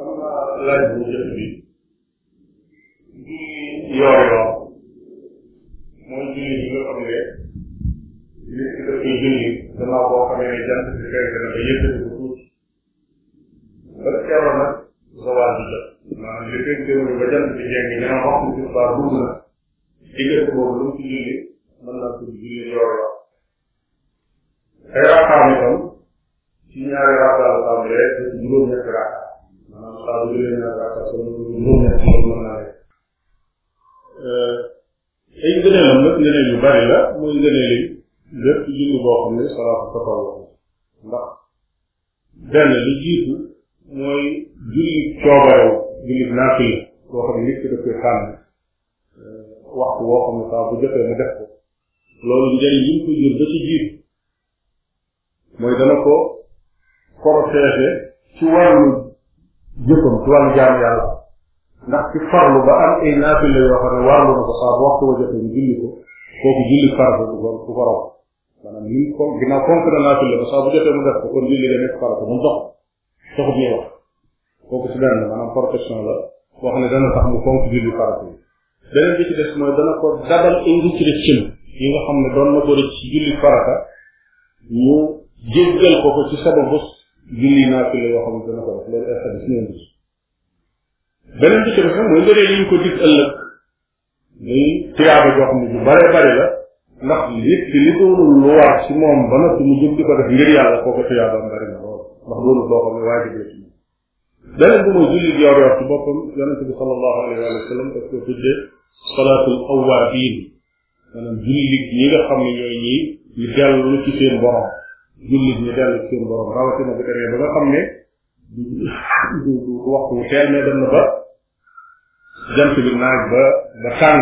xam nga laaj bu njëkk bi julli yoor yoor mooy julli bi nga xam ne nit ki dafay julli gannaaw boo xamee ne jant bi fenk na ba yëkkati ko tuuti ba teewal nag zawaal bi jot maanaam li fekk déwlu ba jant bi jeng ñaa waxtu ci baa dugg na diggante boobu lu mu ci julli mën naa ko julli yoor yoor ay raakaam itam ci ñaari raakaam la xam ne rek juróom ñetti raakaam waaw julli naa raka kon mu nekk loolu mën naa nekk ay ngëneelam nag ngëneel yu bari la muy ngëneel yi lépp julli boo xam ne salaatu tafawwu ndax mooy julli coobarew julli naafila boo xam ne nit ki daf koy tànn euh, waxtu woo xam ne saa bu jotee mu def ko loolu ko jur ba ci jiitu mooy jëfam ci wàllu jaamu yàlla ndax ci farlu ba am ay naafile yoo xam ne warlu na ko saa waxtu wa jotee mu julli ko kooku julli farata du ko du ko raw maanaam li ko ginnaaw fonk na naafile ba saa bu jotee mu def ko kon julli ga nekk farata mu dox taxut ñuy wax kooku ci benn maanaam protection la boo xam ne dana tax mu fonk julli farata yi beneen bi ci des mooy dana ko dabal ay rëcc-rëccam yi nga xam ne doon na ko rëcc ci julli farata ñu jéggal ko ko ci sababu julli naafila yoo xam ne dana ko def loolu ay xadis ñoo ngi beneen bi ci def mooy ngëneel li ñu ko dig ëllëg muy tiyaaba joo xam ne bare bare la ndax nit ki li doonul lu war moom ba noppi mu jóg di ko def ngir yàlla kooku tiyaabaam bari na lool ndax doonul loo xam ne waajibee ci moom beneen bi mooy julli yor yor ci boppam yonente bi sallallahu alayhi wa sallam daf ko tuddee salaatul awaabiin maanaam julli ñi nga xam ne ñooy ñii ñu dellu ci seen borom jullit ñi dellu seen borom rawatina bu demee ba nga xam ne du du waxtu wu teel mais dem na ba jant bi naaj ba ba tàng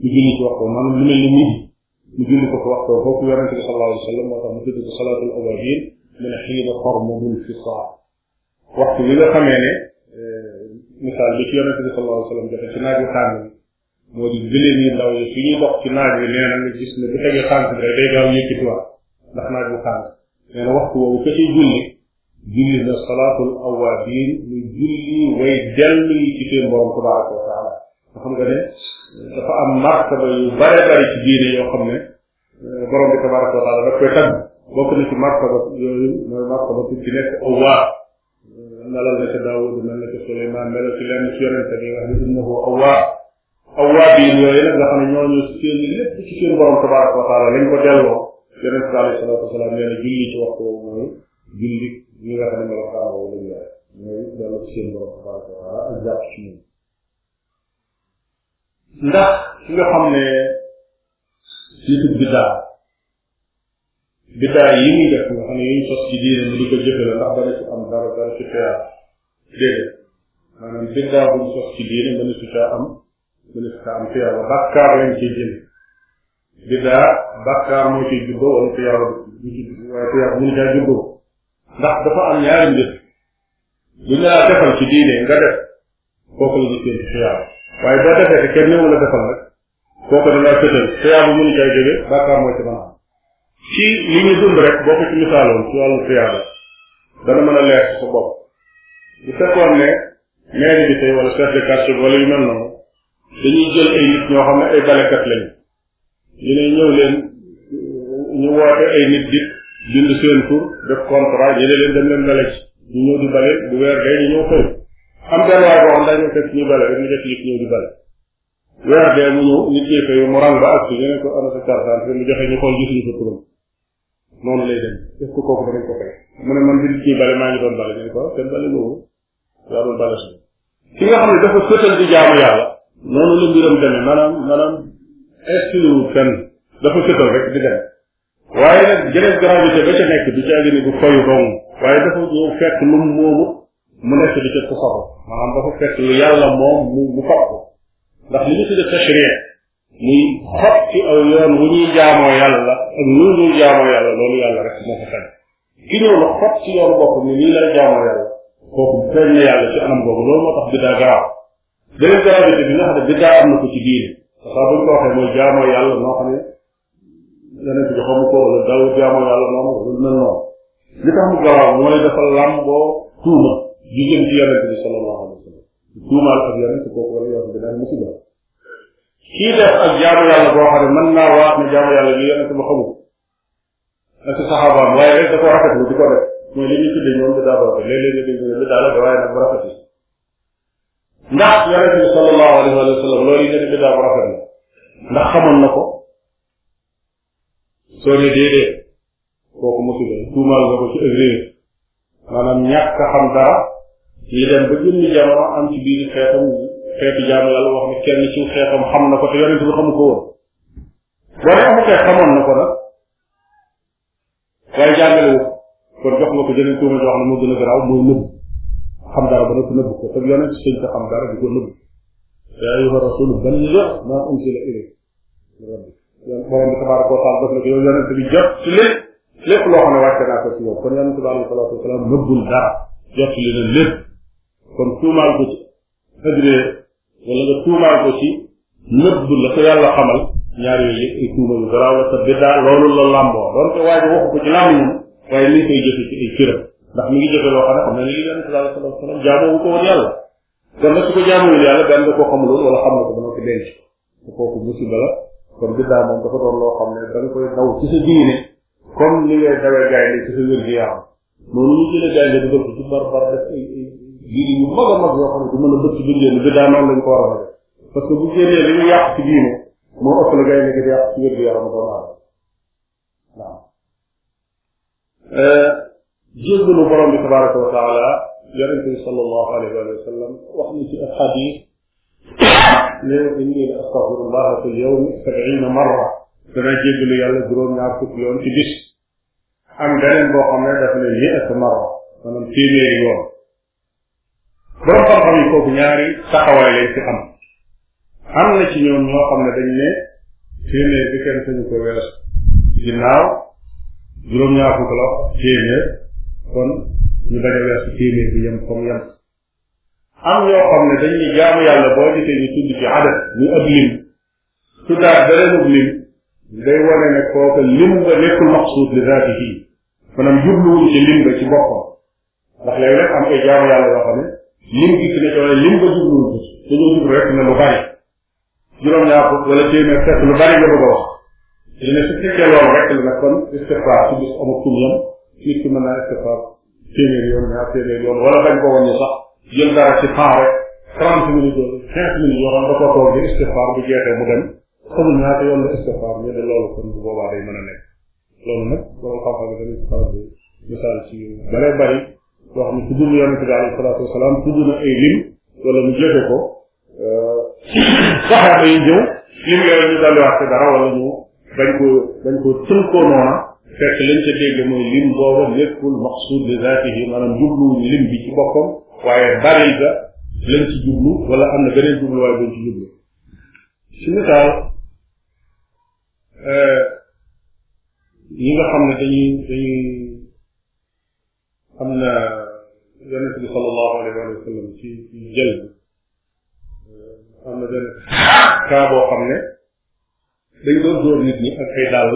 ñu julli ci waxtoo maanaam lu mel ni midi ñu julli ko ko waxtoo foofu yonente bi sallallahu alayhi wa sallam moo tax mu tudd ko salaatul awabin mu ne xiina xormabun fi saa waxtu bi nga xamee ne eh, misaal bi ci yonente bi sallallahu alayhi wa sallam joxe ci naaj yu tàng bi moo di gëléem yi ndaw yi fi ñuy dox ci naaj wi nee na nga gis ne bu tegee tànk bi rek day gaaw yëkkatiwaat ndax naaj wu tàng nee na waxtu woowu ka ci julli julli na salaatul awaabiin muy julli way dellu yi ci seen borom tabaraka wa taala nga xam nga ne dafa am martaba yu bare bare ci diine yoo xam ne borom bi tabaraka wa taala daf koy tagg bokk na ci martaba yooyu mooy martaba ku ci nekk awaab melal na ca Daawud mel na ca Suleymaan melal ci lenn ci yonente bi wax ne innahu awaab awaab yi yooyu nag nga xam ne ñooñu seen lépp ci seen borom tabaraka wa taala lañ ko delloo yonent bi alayhi salaatu wasalaam nee na julli ci waxtu woowu mooy julli ñi nga xam ne melo xaaral wala ñu yaay mooy dellu ci seen borom tabaraka wa taala ak jàpp ci ñun ndax ki nga xam ne nitu biddaa biddaa yi muy def nga xam ne yuñ sos ci diine mu di ko jëfe la ndax dana ci am dara dara ci xeer déedéet maanaam biddaa buñ sos ci diine mënesu caa am mënesu caa am xeer ba bàkkaar lañ ciy jëlee biddaa bàkkaar moo ciy juddoo wala ku yàlla du ci waaye ku dafa am ñaari mbir lu ñu laa defal ci diine nga def kooku la ñu séntu xiyaaba waaye boo defee te kenn ñëwul a defal rek kooku da ngaa sëtal xiyaaba mënu caa jóge bàkkaar moo ci mën a am ci li ñu dund rek boo ko ci misaaloon ci wàllu xiyaaba dana mën a leer sa bopp bu ne maire bi tey wala chef de quartier bi wala yu mel noonu dañuy jël ay ñoo xam ne ay balekat lañu ñu ne ñëw leen ñu woote ay nit dikk bind seen tur def contrat ñu leen dem leen bale ci ñu ñëw di bale bu weer day ñu ñëw xëy am benn waay boo xam dañu fekk ñu bale noonu lay dem est ce kooku danañ ko fay mu ne man bi nit bale maa ngi doon bale ñu ne ko seen ah, bale boobu yaa doon bale si ki nga xam ne dafa sëtal di jaamu yàlla noonu la mbiram demee maanaam maanaam estilewul fenn dafa sëtal rek di dem dafa ñëw fekk lu mu moomu mu nekk di ca tasarruf maanaam fekk lu yàlla moom mu mu fab ko li ñu tuddee tashriya muy xob ci aw yoon wu ñuy yàlla ak nu ñuy jaamoo yàlla loolu yàlla rek moo ko fenn ki ñëw la xob ci yoonu bopp ni nii lay jaamoo yàlla kooku feeñ na yàlla ci anam boobu loolu moo tax bi nga xam ne biddaa am na ko ci taxaw bu ñu ko waxee mooy jaamoo yàlla noo ne yeneen bi joxamu ko wala daw jaamoo yàlla noonu wala li tax mu garaaw mooy dafa làmboo tuuma di jëm ci yeneen bi sallallahu alayhi wa si kooku wala yoon bi daan musiba kii def ak jaamu yàlla boo xam ne ne jaamu yàlla bi saxaabaam waaye rek ko rafetlu di ko mooy li ñuy tuddee ñoom bi daa rafet léeg ne bi daa la waaye nag bu ndax yonent bi sallallahu alayhi wa sallam loolu yi ngeen biddaa bu rafet la na ko soo xam dara li dem ba jëmmi jamono am ci biir xeetam xeetu jaam wax ne kenn ci xeetam xam na ko te yonent bi na ko nag tuuma joo xam ne moo gën a garaaw mooy xam dara ba nekk nëbb ko te yonent sëñ ko xam dara di ko nëbb yaa ayyuha rasulu balligh maa unzila ilayk min rabbik borom bi tabaraka wa taala daf ne ko yow yonent bi jot ci lépp lépp loo xam ne wàcce naa ko ci yow kon yonent bi alayhi salaatu wasalaam nëbbul dara jot li na lépp kon tuumaal ko ci agrée wala nga tuumaal ko ci nëbb la ko yàlla xamal ñaar yooyu yëpp ay tuuma yu garaaw la te biddaa loolu la làmboo doon ko waaye waxu ko ci làmmiñam waaye li koy jëfe ci ay cëram ndax mi ngi jëfe loo xam ne xam ne ni li yonente sallallahu alayhi wa sallam jaamoowu ko woon yàlla kon nag ko jaamoowul yàlla benn da koo xamuloon wala ko dana ko denc te kooku musiba la kon biddaa moom dafa doon loo xam ne da nga koy daw ci sa diine comme ni ngay dawee gaynde ci sa wér gi yaram noonu ñu jëlee gaynde di bar bar def a ko war a def parce que bu génnee li ñu yàq ci diine moo gi di yàq ci wér gi yaram doomu aadama waaw euh, jéggalu borom bi tabaraka wa taala yonente bi sallallahu alayhi wa sallam wax ni ci ab xadis ne dañ leen astaghfirullah fi lyawmi sabina marra dana jéggalu yàlla juróom-ñaar fukki yoon ci bis am beneen boo xam ne dafa ne mi'at marra maanaam téeméeri yoon borom xam-xam yi kooku ñaari taxawaay lañ ci am am na ci ñoom ñoo xam ne dañ ne téeméer bi kenn sañu ko wees ginnaaw juróom-ñaar fukk la téeméer kon ñu bañ a weesu téeméer bi yem comme yem am ñoo xam ne dañ ñu jaamu yàlla boo gisee ñu tudd ci adat ñu ab lim tuddaat beneen ub lim day wane ne kooka lim ba nekkul maqsuud li zaatihi maanaam jubluwuñ ci lim ba ci boppam ndax léeg-léeg am ay jaamu yàlla yoo xam lim gi ci ne doole lim ba jubluwuñ ko dañoo jublu rek ne lu bari juróom-ñaar fukk wala téeméer fekk lu bari nga bëgg a wax dina su fekkee loolu rek la nag kon istixfaar ci yam nit ki mën naa istixfaar téeméer yoon ñaar téeméer yoon wala bañ ko wàññi dara ci temps rek trente minutes ou quinze minutes yoo xam da koo toog di istixfaar day mën a nekk loolu nag borom xam-xam yi dañuy faral di misaal ci bare bari loo xam ne tudd na yonente bi alayhi salaatu wasalaam tudd na ay lim wala mu jëfe ko saxaaba dara wala ñu bañ ko bañ fekk lañ ca dégg mooy lim booba nekkul maqsuud li zaatihi maanaam jubluwuñ lim bi ci boppam waaye baril ga jublu wala am na jublu waaye buñ jublu si misaal euh, ñi nga xam na yonent bi sallallahu alayhi wa sallam ci ci jël euh, xam ne dañ doon dóor nit ñi ak ay dàll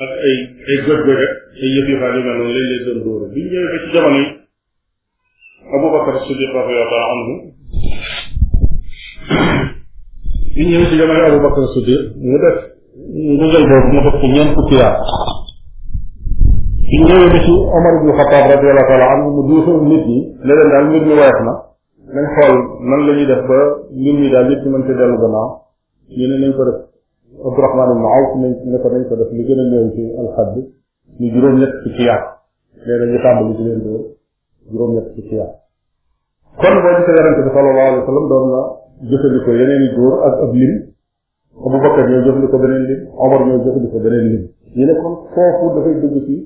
ak ay ay gëj-gëj ak ay yëf yu faa yu mel noonu lañ leen doon dóor bi ñu ñëwee ba ci jamono yi Abubakar Siddiq radiyallahu anhu bi ñëwee ci jamono yi Abubakar Siddiq mu def nguur boobu mu def ci ñeent fukki at bi ñëwee ba ci Omar ibnu Xataab radiyallahu taala anhu mu duusoon nit ñi ne leen daal mbir mi woyof na nañ xool nan la ñuy def ba mbir mi daal yëpp ñu mën ci dellu gannaaw ñu ne nañ ko def Abdourahman ibn Awf nañ ne ko nañ ko def li gën a néew ci alxadd ñu juróom-ñett ci xiyaar nee na ñu tàmbali ci leen dóor juróom-ñett ci xiyaar kon boo gisee yarante bi sallallahu alayhi wa sallam doon na jëfandikoo yeneen i dóor ak ab lim Abu Bakar ñoo jëfandikoo beneen lim Omar ñoo jëfandikoo beneen lim ñu ne kon foofu dafay dugg ci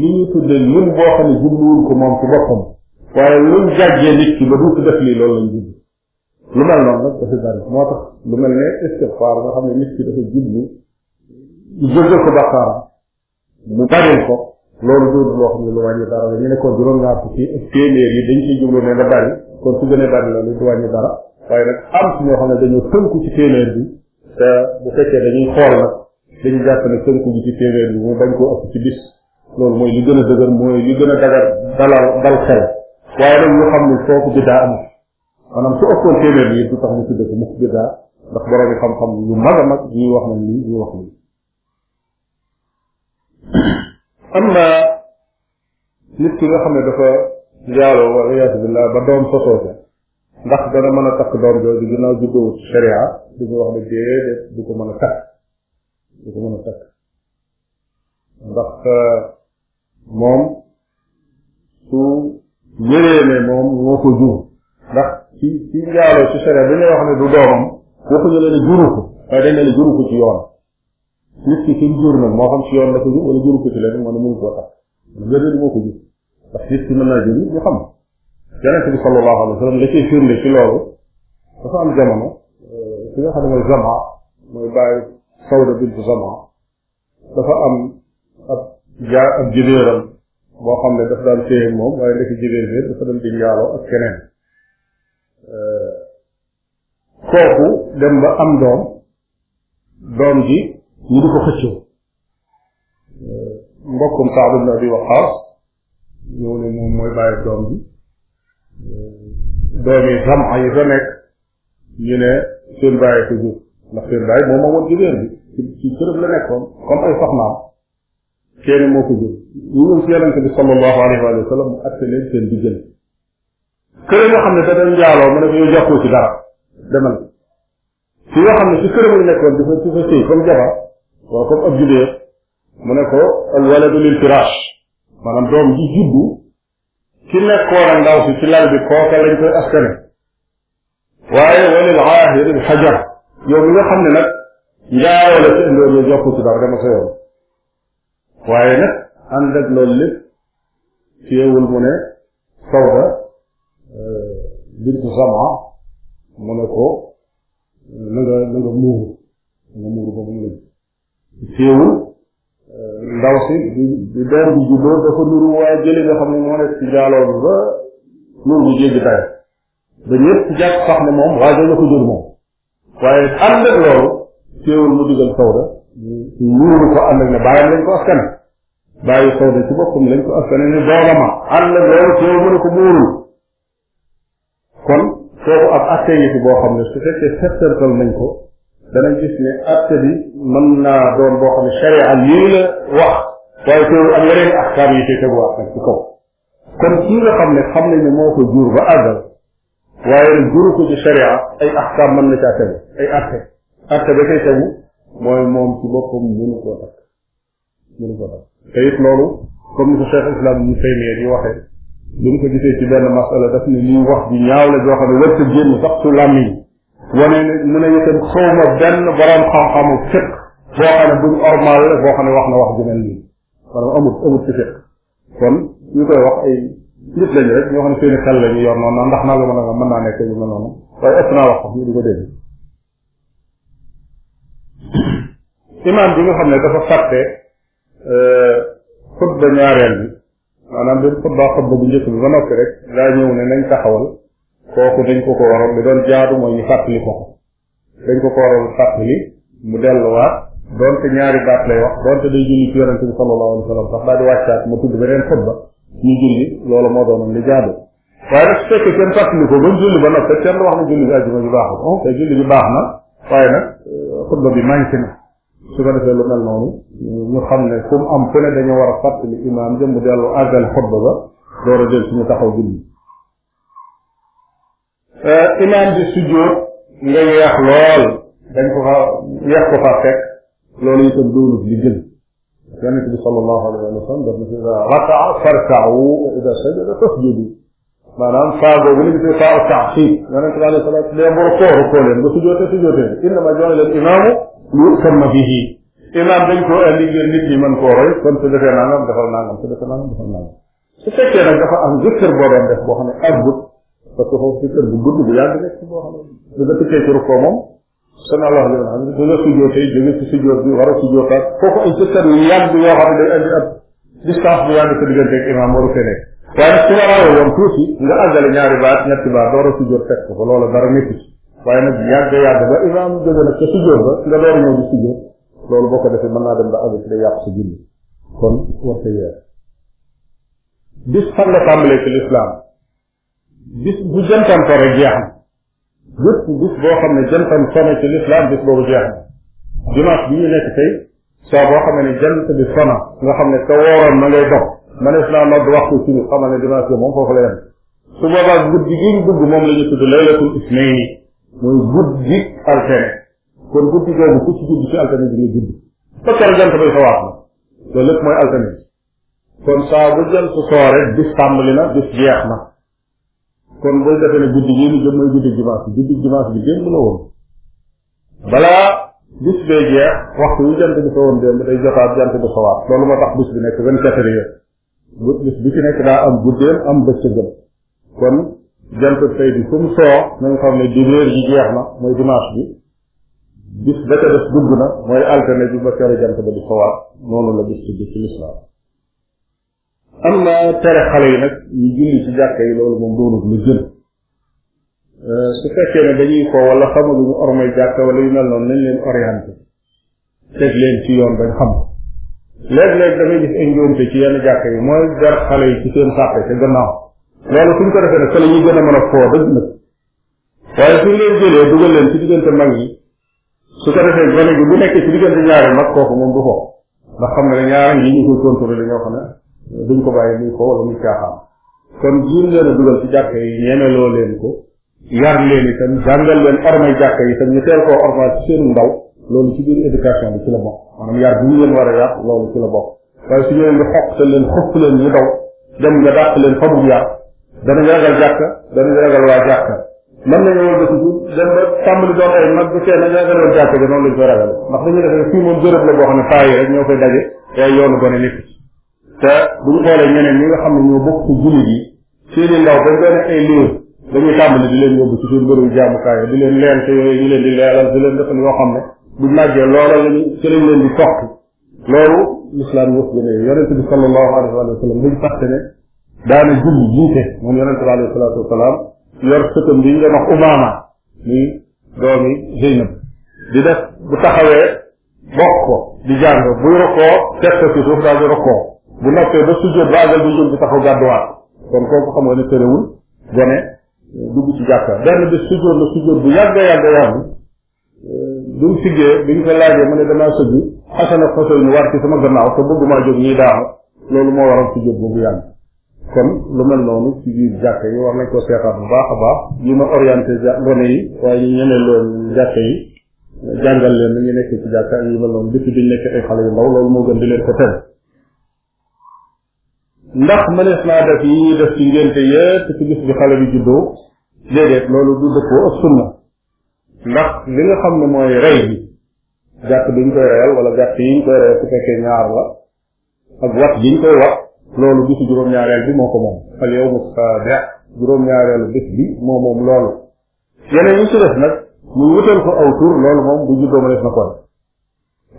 li ñuy tuddee lim boo xam ne jubluwul ko moom ci boppam waaye luñ jàjjee nit ki ba du ci def lii loolu lañ jublu lu mel noonu nag dafa bari moo tax lu mel ne istigfaar nga xam ne nit ki dafa jublu jóge ko bàkkaaram mu baril ko loolu doodu loo xam ne lu wàññi dara ñu ne la waaye nag am ci ñoo xam ne dañoo tënku ci téeméer bi te bu fekkee dañuy xool nag dañu jàpp ne tënku ci téeméer bi mu bañ koo ëpp ci bis loolu mooy li gën a dëgër mooy li gën a dagar dalal dal xel waaye nag ñu xam ne foofu bi daa am maanaam su ëppoon téeméer bi du tax ñu tudde ko mukk bidaa ndax borom xam-xam yu mag a wax nañ lii ñuy wax lii am na nit ki nga xam ne dafa njaaloo wala yaatu billah ba doom sosoo ca ndax dana mën takk doom jooju di ñu wax ne déedéet du ko mën takk du ko mën takk ndax moom su ñëwee ne moom moo ko jur ci ci wax ne du doomam waxuñu leen juru ko waaye dañ leen juru ci yoon nit ki suñ jur nag moo xam ci yoon la ko jur wala juru ko ci leneen moo ne mënu koo tax ngëneel moo ko jur ndax nit ki mën naa jur ñu xam yonent bi sallallahu alayhi wa sallam la cay firnde ci loolu dafa am jamono euh, ki nga xam ne mooy zama mooy bàyyi sawda bint zama dafa am ab jaa ab jibéeram boo xam ne daf daan téye moom waaye ndekk jibéer bi dafa dem di njaaloo ak keneen kooku dem am doom doom ji ñu di ko xëccoo euh, mbokkum Saad ibn Abi Waqaas ñëw ne moom mooy bàyyi doom ji euh, doom yi Zam'a yi fa nekk ne seen bàyyi ko jur ndax seen bàyyi moom moo woon jigéen bi ci ci kërëm la nekkoon comme ay soxnaam kenn moo ko jur ñu ñëw ci yonente bi sallallahu alayhi wa sallam mu atte leen seen diggante kër nga xam ne da doon njaaloo mu ne ko yow jàppoo ci dara demal ci nga xam ne ci këram la nekkoon di fa di fa sëy comme jabar wala comme ab judee mu ne ko al waladu lil firash maanaam doom ji juddu ki nekkoon ak ndaw si ci lal bi kooka lañ koy askane waaye walil aahir al hajar yow mi nga xam ne nag njaaloo la ci indoon yow jàppoo ci dara demal sa yoon waaye nag ànd ak loolu lépp téewul mu ne sawda bint Zama ah, mu ne ko na nga muuru na muuru ba mu lëj teewul eh, ndaw si di di doom bi juddoo dafa nuru waaye jëli nga xam ne moo nekk ci jaaloo bi ba nuru bi jéggi dayo ba ñëpp jàpp sax ne moom waaye dañ la moom waaye ànd ak loolu teewul mu digal sawda ñuuru ko ànd ak ne bàyyam lañ ko askan bàyyi sawda ci boppam lañ ko askan ne doomama ànd ak loolu teewul mu ne ko kon foofu ab atte ngi fi boo xam ne su fekkee settantal nañ ko danañ gis ne bi mën naa doon boo xam ne sharia lii la wax waaye teewul am yeneen yi tey teguwaat nag ci kaw kon kii nga xam ne xam nañ moo ko jur ba àggal waaye nag juru ko ay ahkaam mën na caa tegu ay atte atte ba kay tegu mooy moom ci boppam mënu koo takk mënu koo takk loolu comme ni ko cheikh islam ñu taymiya di waxee bi mu ko gisee ci benn masala daf ne lii wax bi ñaaw la joo xam ne war sa génn sax su làmmiñ wane ne mu ne itam xaw ma benn borom fiq boo xam ne ormal la wax na wax ju mel nii maanaam amut amut ci fiq kon ñu koy wax ay rek ñoo xam ne seen i xel la ndax naa nga mën a nga mën naa nekk yu wax sax di ko dégg imaam bi nga xam ne dafa fàtte euh, xutba ñaareel bi maanaam bi mu xutbaa xutba bu njëkk bi ba noppi rek daa ñëw ne nañ taxawal kooku dañ ko ko waroon doon jaadu mooy ñu fàttali ko dañ ko ko waroon fàttali mu delluwaat doonte ñaari baat lay wax doonte day julli ci yonente bi sallallahu alayhi wa sallam sax daal di wàccaat mu tudd beneen xutba ñu julli loolu moo doonoon li jaadu waaye nag na julli bi àjjuma bi baaxul on julli bi baax euh, xutba bi manqué na su ko defee lu mel noonu ñu xam ne fu mu am fu ne dañu war a fàttali imaam jëm mu dellu àggal xutba ba door a jël suñu taxaw julli euh, imaam bi sujjóot nga yeex lool dañ ko fa yeex ko fa fekk loolu itam doonut li gën yonent bi sallallahu alayhi wa sallam daf na fi ida rakaa farkaawu wa ida sajada fasjudu maanaam faago bu ñu gisee faaw taxsiib yonent bi alayhi salaatu dee mbor kooru koo leen ba sujjootee sujjootee innama joxe leen imaamu lu sama bihi imaam dañ koo indi ngir nit ñi mën koo roy kon su defee nangam defal nangam su defee nangam defal nangam su fekkee nag dafa am zikr boo doon def boo xam ne àggut parce que foofu zikr bu gudd bu yàgg nekk boo xam ne du nga tëkkee ci rukkoo moom seen allah li xam ne du nga sujjootee jóge ci sujjoot bi war a sujjootaat foofu ay zikr yu yàgg yoo xam ne day indi ab distance bu yàgg sa diggante ak imaam waru fee nekk waaye nag su la rawee woon tuuti nga àggale ñaari baat ñetti baat door a sujjoot fekk ko loola dara nekku ci waaye nag yàgg yàgg ba imaam jóge nag ca sujjóot ba nga door ñëw di sujjóot loolu boo ko defee naa dem ba àgg ci day yàq sa julli kon war sa yeer bis fan la tàmbalee ci lislaam bis boo xam ne jantam sone ci lislaam bis boobu jeex na dimanche bi ñu nekk tey saa boo xam ne jant bi sona nga xam ne ka wooroon ma ngay dox manees naa nodd waxtu ci ñu xamal ne dimanche bi moom foofu la yem su boobaa guddi gi ñu dugg moom la ñu tudd laylatul isnayni mooy guddi altine kon guddi googu ku ci ci altine bi ba kër jant bay fa na loolu mooy altine kon saa bu jant soore bis tàmbali na bis jeex na kon booy defee ne guddi gii ni jëm mooy guddi dimanche guddi dimanche la woon balaa bis bee waxtu yu jant bi fa woon démb tax bis bi nekk vingt-quatre heures bis bi ci nekk daa am guddeem am bëccëgam kon jant tey bi fu mu soo nañ xam ne dibéer ji jeex na mooy dimanche bi bis ba ca na mooy altine bi ba kere jant di sowaat noonu la bis tudd ci lislaam am na tere xale yi julli ci jàkka loolu moom doonul lu gën euh, su fekkee ne dañuy ko wala xamaguñu ormay jàkka wala yu mel noonu nañ leen orienté teg ci yoon bañ xam léeg-léeg damay gis ay njuumte ci yenn jàkka yi mooy jar xale ci seen sàppe te gannaaw loolu suñ ko defee nag fa la ñuy gën a mën a foo dëgg nag waaye suñ leen jëlee dugal leen ci diggante mag yi su ko defee gone gi bu nekkee ci diggante ñaari mag kooku moom du foofu ndax xam ne ñaar yi ñu koy contrôlé ñoo xam ne duñ ko bàyyi muy ko wala muy caaxaan kon jiin leen a dugal ci jàkka yi ñemeloo leen ko yar leen itam jàngal leen ormay jàkka yi itam ñu teel koo ormal ci seenu ndaw loolu ci biir éducation bi ci la bokk maanaam yar yar loolu ci danañ ragal jàkka danañ ragal waa jàkka mën nañu wol basi suuf dem ba tàmbali doon ay mag bu fee nañ ragaloon jàkka bi noonu lañ koy ragal ndax dañuy defee fii moom bërëb la xam ne paa yi rek ñoo koy daje te ay yoonu gone nekk te bu ñu xoolee ñeneen ñi nga xam ne ñoo bokk ci jullit yi seen i ndaw bañ doon ay liir dañuy tàmbali di leen yóbbu ci seen bërëbu jaamukaay di leen leel te yooyu leen di leelal di leen defal yoo xam ne bu màggee loola lañu ci lañ leen di toxti loolu l'islam yëpp yonente bi sallallahu daana julli jiite moom yonente bi alayhi salaatu wasalaam yor sëtam bi ñu doon umaama muy doomi Zeynab di def bu taxawee bokk ko di jàng buy rokkoo teg ko ci di rokkoo bu noppee ba sujjóot baagal bi jëm ci taxaw gàdduwaat kon kooku xam nga ne tërewul gone dugg ci jàkka benn bis sujjóot la sujjóot bu yàgga yàgga yàgg bi mu siggee bi ñu ko laajee mu ne damaa sëgg Xasan ak war ci sama gannaaw te bëggumaa jóg ñuy daaxu loolu moo waral sujjóot kon lu mel noonu ci biir jàkka yi nañ ko seetaat baax a baax yi ma orienté gone yi waaye ñu ñeneen loon jàngal leen ni ñu nekk ci jàkka mel noonu depuis biñ nekk xale yu ndaw loolu moo gën di leen ko tere ndax mënees naa def yi def ci ngénte yépp ci bis bi xale bi juddoo déedéet loolu du dëppoo ak ndax li nga xam ne mooy rey bi jàkk bi ñu koy reyal wala jàkk yi ñu koy reyal su fekkee ñaar la ak wat bi ñu koy wat loolu bisu juróom-ñaareel bi moo ko moom al ñaareelu bis moo moom loolu yeneen yi def nag mu wutal aw tur loolu moom bu juddooma def na ko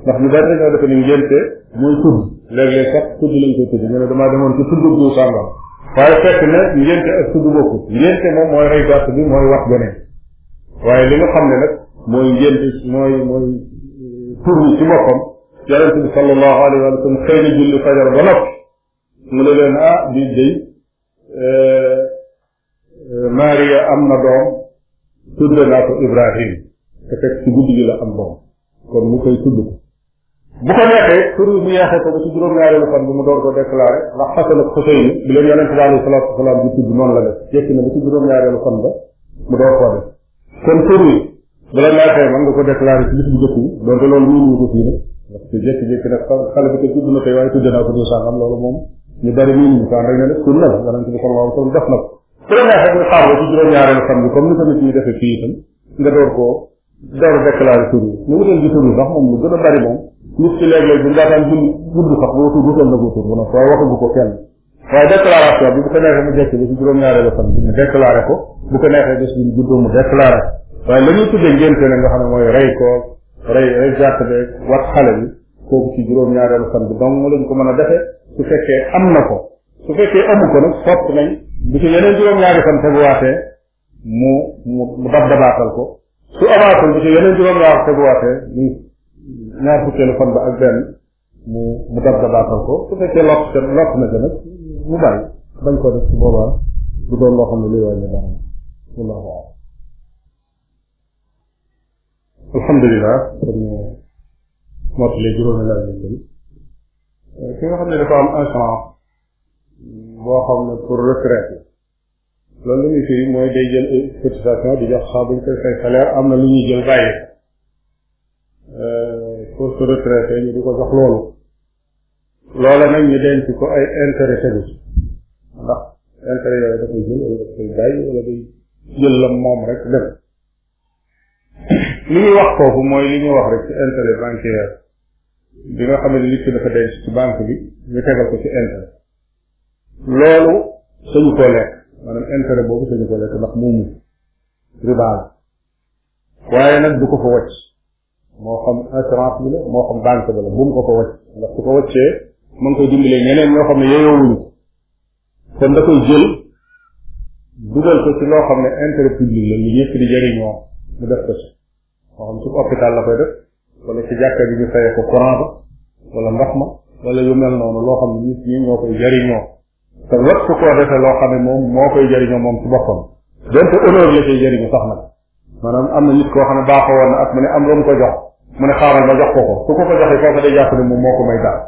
ndax ñu bari dañoo defe ni ngénte mooy tudd léeg-léeg sax tudd lañ koy tudd ñu ne damaa demoon ci tudd bu sàngam waaye fekk ne ngénte ak tudd bokkut ngénte moom mooy rey gàtt bi mooy wax gone waaye li nga xam ne nag mooy ngénte mooy mooy euh, boppam yonente bi sallallahu alayhi wa sallam xëy julli fajar ba noppi mu ne leen ah bii day eh, eh, Maria am na doom tudde naa ko Ibrahim te fekk ci guddi gi la am doom kon mu koy tudd ko bu ko neexee tur mu yeexee ko ba ci juróom-ñaareelu fan bi mu door ko déclaré kon tur bu la neexee mën nga ko déclaré ci bis bu jëkk bi donte loolu mii ñu ko fii nag parce que jékki-jékki nag xale bi ko tudd na tey waaye tudd naa ko dosangam loolu moom ñu bari nii ñu taan rek ne nag sunna la yonent bi sallallahu alayhi wa sallam def na ko su la neexee nga xaar ba ci juróom-ñaareelu fan bi comme ni ko nit ñi defee fii itam nga door koo door a déclaré tur yi ñu wutal ji tur yi sax moom lu gën a bari moom nit ci léeg-léeg bu ñu daataan bind gudd sax boo tur wutal na ko tur wala waaye waxagu ko kenn waaye déclaration bi bu ko neexee mu jekk ba ci juróom-ñaareelu fan bi mu déclaré ko bu ko neexee bés bi mu guddoo mu déclaré waaye la ñuy tuddee ngénte ne nga xam ne mooy rey koo rey rey gàtt beeg wat xale bi kooku ci juróom-ñaareelu fan bi donc lañ ko mën a defee su fekkee am na ko su fekkee amu ko nag sopp nañ bu ci yeneen juróom-ñaari fan mu mu dab dabaatal ko su amaatul yeneen juróom-ñaar teguwaatee ñu mu mu dab dabaatal ko su fekkee lott lott na ko nag mu bàyyi bañ ko def su boobaa du doon loo xam ne luy wàññi dara wallahu aalam ki nga xam ne dafa am assurance boo xam ne pour retraite loolu lu ñu mooy day jël cotisation di jox xaa buñ koy fay salaire am na lu ñuy jël bàyyi euh, pour su retraité ñu di ko jox loolu loola nag ñu denc ko ay intérêt tamit ndax intérêt yooyu da koy jël wala day jël la moom rek dem li ñuy wax foofu mooy li ñuy wax rek ci intérêt bancaire bi nga xam ne nit ki dafa denc ci banque bi ñu tegal ko ci intérêt loolu sañu koo lekk maanaam intérêt boobu sañu koo lekk ndax moomu riba la waaye nag du ko fa wacc moo xam assurance bi la moo xam banque bi la bu mu ko fa wacc ndax su ko waccee ma ngi koy dimbalee ñeneen ñoo xam ne yeyoowuñu kon da koy jël dugal ko ci loo xam ne intérêt public la lu ñëpp di jëriñoo mu def ko ci moo xam ci hôpital la koy def wala ci jàkka bi ñu fayee ko courant ba wala ndox ma wala yu mel noonu loo xam ne nit ñi jariñoo te wat su koo defee loo xam ne moo koy jariñoo moom ci boppam donte honneur la koy jariñu sax nag maanaam am na nit koo xam ne baaxoo woon mu ne am lomu ko jox mu ne xaaral ma jox ko ko su ko ko joxee kooku day jàpp ne moo ko may daal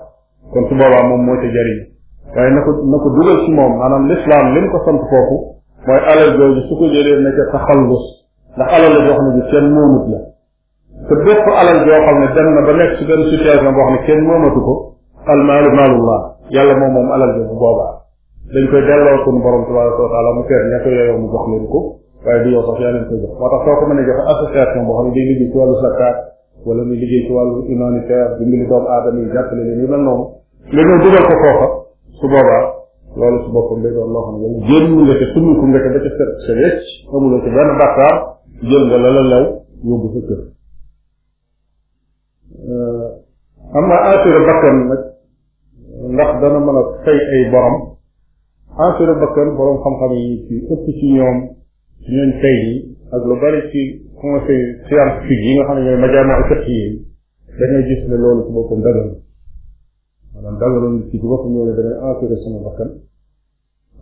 kon su boobaa moom moo ca jariñu waaye na ko na ko dugal ci moom maanaam lislaam li mu ko sant foofu mooy alal jooju su ko jëlee na ca taxallus ndax la joo xam ne bi kenn te bépp alal joo xam ne dem na ba nekk ci benn situation boo xam ne kenn moomatu ko almaalu maalullah yàlla moom moom alal jooju boobaa dañ koy delloo suñu borom tabaraka wa taala mu feer ña ko yeyoo mu jox leen ko waaye du yow sax yaa leen koy jox moo tax soo ko mënee joxe association boo ne day liggéey ci wàllu zakat wala muy liggéey ci wàllu humanitaire dimbali doomu aadama yi jàppale leen yu mel noonu nga ñëw dugal ko foofa su boobaa loolu su boppam day doon loo xam ne yow génn nga te ba la la lew Euh, am na bakkan nag dana mën a fay ay borom assuré bakkan borom xam-xam yi ci ëpp ci ci ñooñ fay yi ak lu bari ci conseil scientifique yi nga xam ne ñooy majaamaa fiqh yi dañoo gis ne loolu ci ci ci boppam ñoo ne damay assuré sama bakkan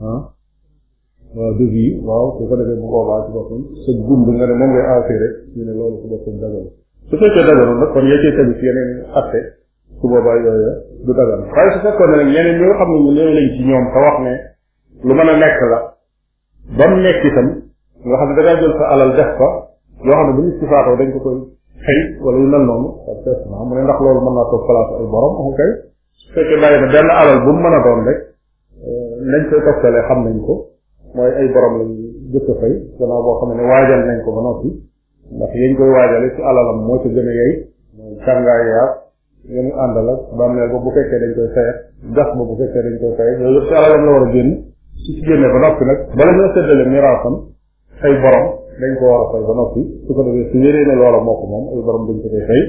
ah waaw dëgg waaw su ko defee bu boobaa ci boppam sa gumb nga ne moom ngay assuré ñu ne loolu ci boppam dagal su fekkee daganul nag kon yéegee tamit yeneen atte su boobaa yooyu du dagan waaye su fekkoon ne nag ñeneen ñi xam ne ñu néew lañ ci ñoom te wax ne lu mën a nekk la ba mu nekk itam xam ne da ngaa jël sa alal ne bu ñu si faatoo dañ ko koy xëy wala yu mel noonu parce que mu ne ndax loolu mën naa toog place ay borom xam kay su fekkee bàyyi na benn alal bu mu mën a doon rek lañ euh, koy toftalee xam nañ ko mooy ay borom lañ jëkk a fay gannaaw boo xam ne waajal nañ ko ba noppi ndax yañ koy waajale ci alalam moo ci gën a yey mooy kàngaay yaa yéen àndal ak bàmmeel ba bu fekkee dañ gas ba bu fekkee dañ koy fayet yooyu alalam la war a génn su ci génnee ba noppi nag bala ñoo séddale miraasam ay borom dañ ko war a ba noppi su ko defee su yéree ne loola moo ko moom ay borom dañ ko koy fay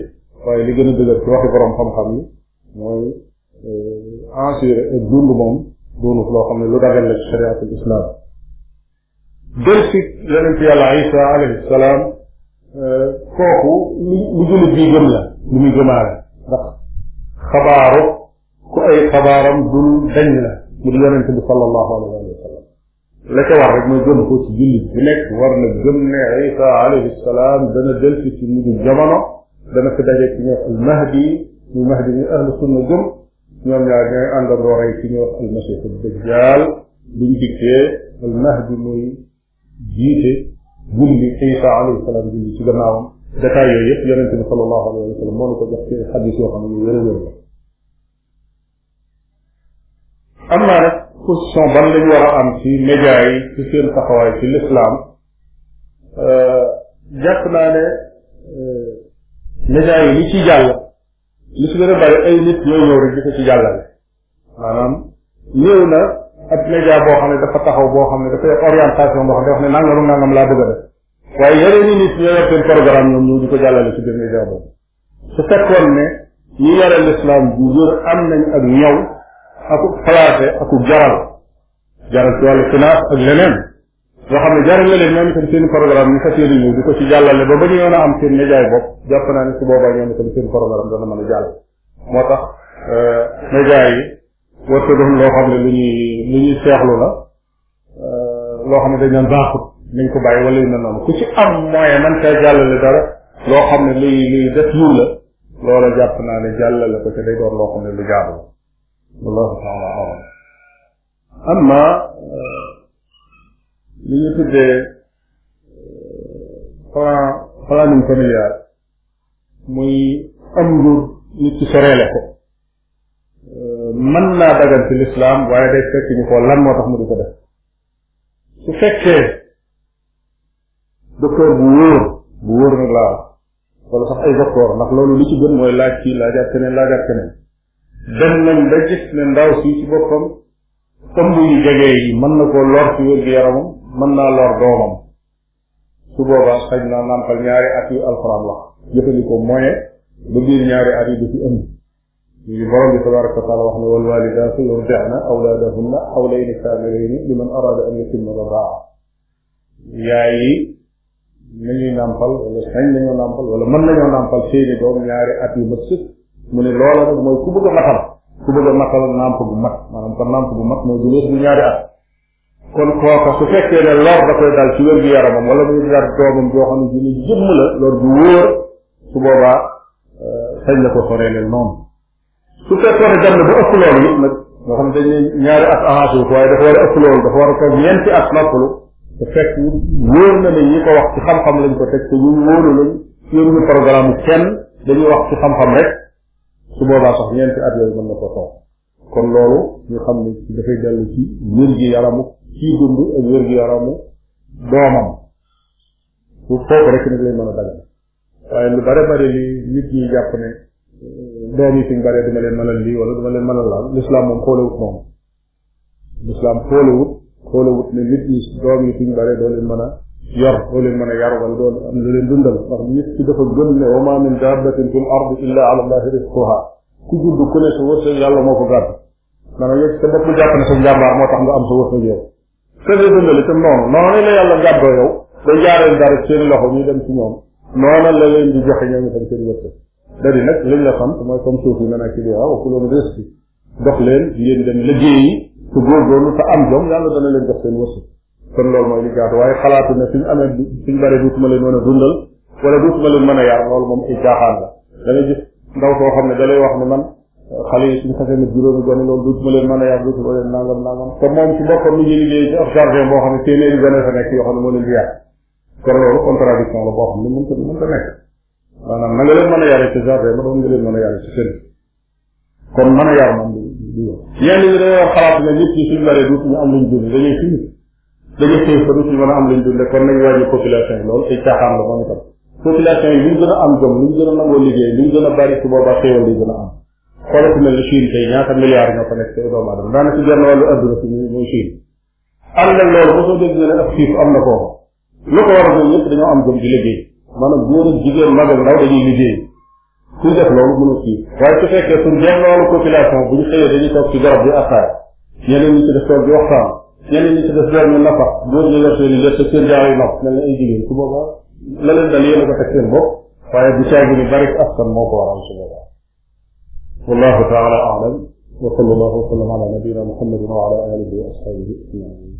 li gën a dëgër ci waxi borom xam-xam yi mooy euh, assuré ak dund moom doonut loo xam ne lu dagal la ci chariatul islam del ci yonent yàlla isa alayhi salaam kooku li li jullit bii gëm la li muy gëmaale ndax xabaaru ku ay xabaaram dul dañ la mu di yonente bi sallallahu alayhi wa sallam la ca war rek mooy gëm ko ci jullit bi nekk war na gëm ne Isa alayhi salaam dana delsi ci mujj jamono dana fi daje ci ñuy wax al mahdi ñu mahdi ñu ahlu sunna gëm ñoom ñaar ñooy àndandoo rey ci ñuy wax al masih ad dajjal buñ dikkee al mahdi muy jiite julli Isa alayhi salaam julli ci gannaawam détails yooyu yëpp yonente bi alayhi wa sallam ko jox ci xadis yoo xam yu wér a wér am naa rek position ban lañu am ci média yi ci seen taxawaay ci lislaam euh, ne euh, média li ci jàll li ci gën a bari ay nit ñoo ñëw rek di ko ci jàllale na ak média boo xam ne dafa taxaw boo xam ne dafay orientation boo xam ne nangam laa bëgg a waaye yeneen i nit ñoo yor seen programme ñoom ñoo di ko jàllale ci biir média boobu su fekkoon ne ñi am nañ ak ñëw aku placé aku jaral ak leneen yoo xam ne jaral na leen ñoom itam programme ñu fas yéene ñëw di ko ci jàllale ba ba ñu yoon a am seen média bopp jàpp naa ne su boobaa ñoom itam seen programme dana mën a jàll moo tax euh, média yi wërsëgam loo xam ne lu ñuy lu ñuy seexlu la euh, loo xam ne dañ naan baaxut nañ ko bàyyi noonu ku ci am moyen man caa jàllale dara loo xam ne luy def yiw loola jàpp naa ne jàllale ko te day doon loo xam ne lu jaadu la wallahu taala alam amma euh, li ñu tuddee euh, plan planning muy am nguur nit ci soreele mën naa dagan ci lislaam waaye day fekk ñu ko lan moo tax mu di ko def su fekkee docteur bu wóor bu wóor nag laa sax ay docteur ndax loolu li ci gën mooy laaj kii laajaat keneen laajaat keneen dem nañ ba gis ne ndaw si ci boppam ëmb yu jege mën na koo lor ci wér-gu-yaramam mën naa lor doomam su boobaa xaj naa nàmpal ñaari at yu alxuraan wax jëfandikoo moyen ba biir ñaari at yi du fi ñu borom bi tabaraka wa taala wax ne wal walidaatu yurdi'na awlaadahunna xawlayni kaamilayni liman araada an yutimma radaa yaay yi nañuy nàmpal wala sañ nañoo nàmpal wala mën nañoo nàmpal seeni doom ñaari at yu mat sëkk mu ne loola nag mooy ku bëgg a matal ku bëgg a matal nàmp gu mat maanaam kon nàmp gu mat mooy du lees bu ñaari at kon kooka su fekkee ne lor da koy dal ci wér gu yaramam wala muy dar doomam joo xam ne jëmm la lor bu wóor su boobaa euh, sañ la ko soree leen noonu su fekkoon dem na ba ëpp loolu yëpp nag nga ñaari at avancé wu dafa war a ëpp loolu dafa war a toog ñeenti at noppalu te fekk wóor na ne ñi ko wax ci xam-xam lañ wax ci xam-xam rek su boobaa sax ñeenti at yooyu mën na ko toog kon xam ne dafay dellu ci wér yaramu kii dund ak wér yaramu doomam bu foofu rek nag lay mën a dagal lu bare bare li nit ñi jàpp ne doom yi suñ baree duma leen mënal lii wala duma leen mënal laa lislaam moom xoolewut moom lislaam xoolewut xoolewut ne nit ñi doom yi suñ baree doo leen mën a yor doo leen mën a yar wala doo am dundal ndax nit ki dafa gëm ne wa min dabbatin fil ardi illa ala allahi rizquha ku judd ku ne sa wërsëg moo ko gàdd maanaam yow sa bopp jàpp ne sa njàmbaar moo tax nga am sa wërsëg yow te ngay dundali tam noonu noonu la yàlla gàddoo yow day jaareel dara seen loxo ñu dem ci ñoom noonu la leen di joxe ñoom itam seen da di nag luñ la xam te mooy comme suuf yi nga nekk ci biir waaw ku loolu des ci dox leen ngeen dem liggéeyi te góorgóorlu te am jom yàlla dana leen jox seen kon loolu mooy li jaatu waaye xalaatu ne suñ bi suñ bare duutuma leen mën a dundal wala duutuma leen mën a yar loolu moom la da ngay gis ndaw soo xam ne da lay wax ne man xale yi suñ xasee nit juróomi gone loolu duutuma leen mën a yar duutuma leen nangam nangam te moom ci boppam mi ngi liggéey ci ab jardin boo xam ne yoo xam ne moo leen di boo xam ne mënta maanaam na nga leen mën a yare ci jardin ma doon nga leen mën a yare ci sëriñ kon mën a yar moom du du yow yenn ñi dañoo xalaat ne nit ñi suñu laree duutuñu am luñ dund dañuy xiif dañuy xiif ba duutuñu mën a am luñ dunde kon nañ wàññi population yi loolu ay caaxaan la moom itam am jom luñ gën a nangoo liggéey luñ gën a bari su boobaa xéewal li gën a am xoolal ku mel ni Chine tey xiif am na foofu lu ko war a jël yëpp dañoo am jom di liggéey maanaam góor jigéen mag ak ndaw dañuy liggéey kuy kii waaye su fekkee suñ delloo population bu ñu xëyee dañuy toog ci garab bi attaay ñeneen ñi ci def toog waxtaan ñeneen ñi ci def benn nafa góor ñi yor seen i lépp seen jaar yu nopp mel ne ay jigéen su boobaa la leen dal a ko teg seen bopp waaye bu caagi ni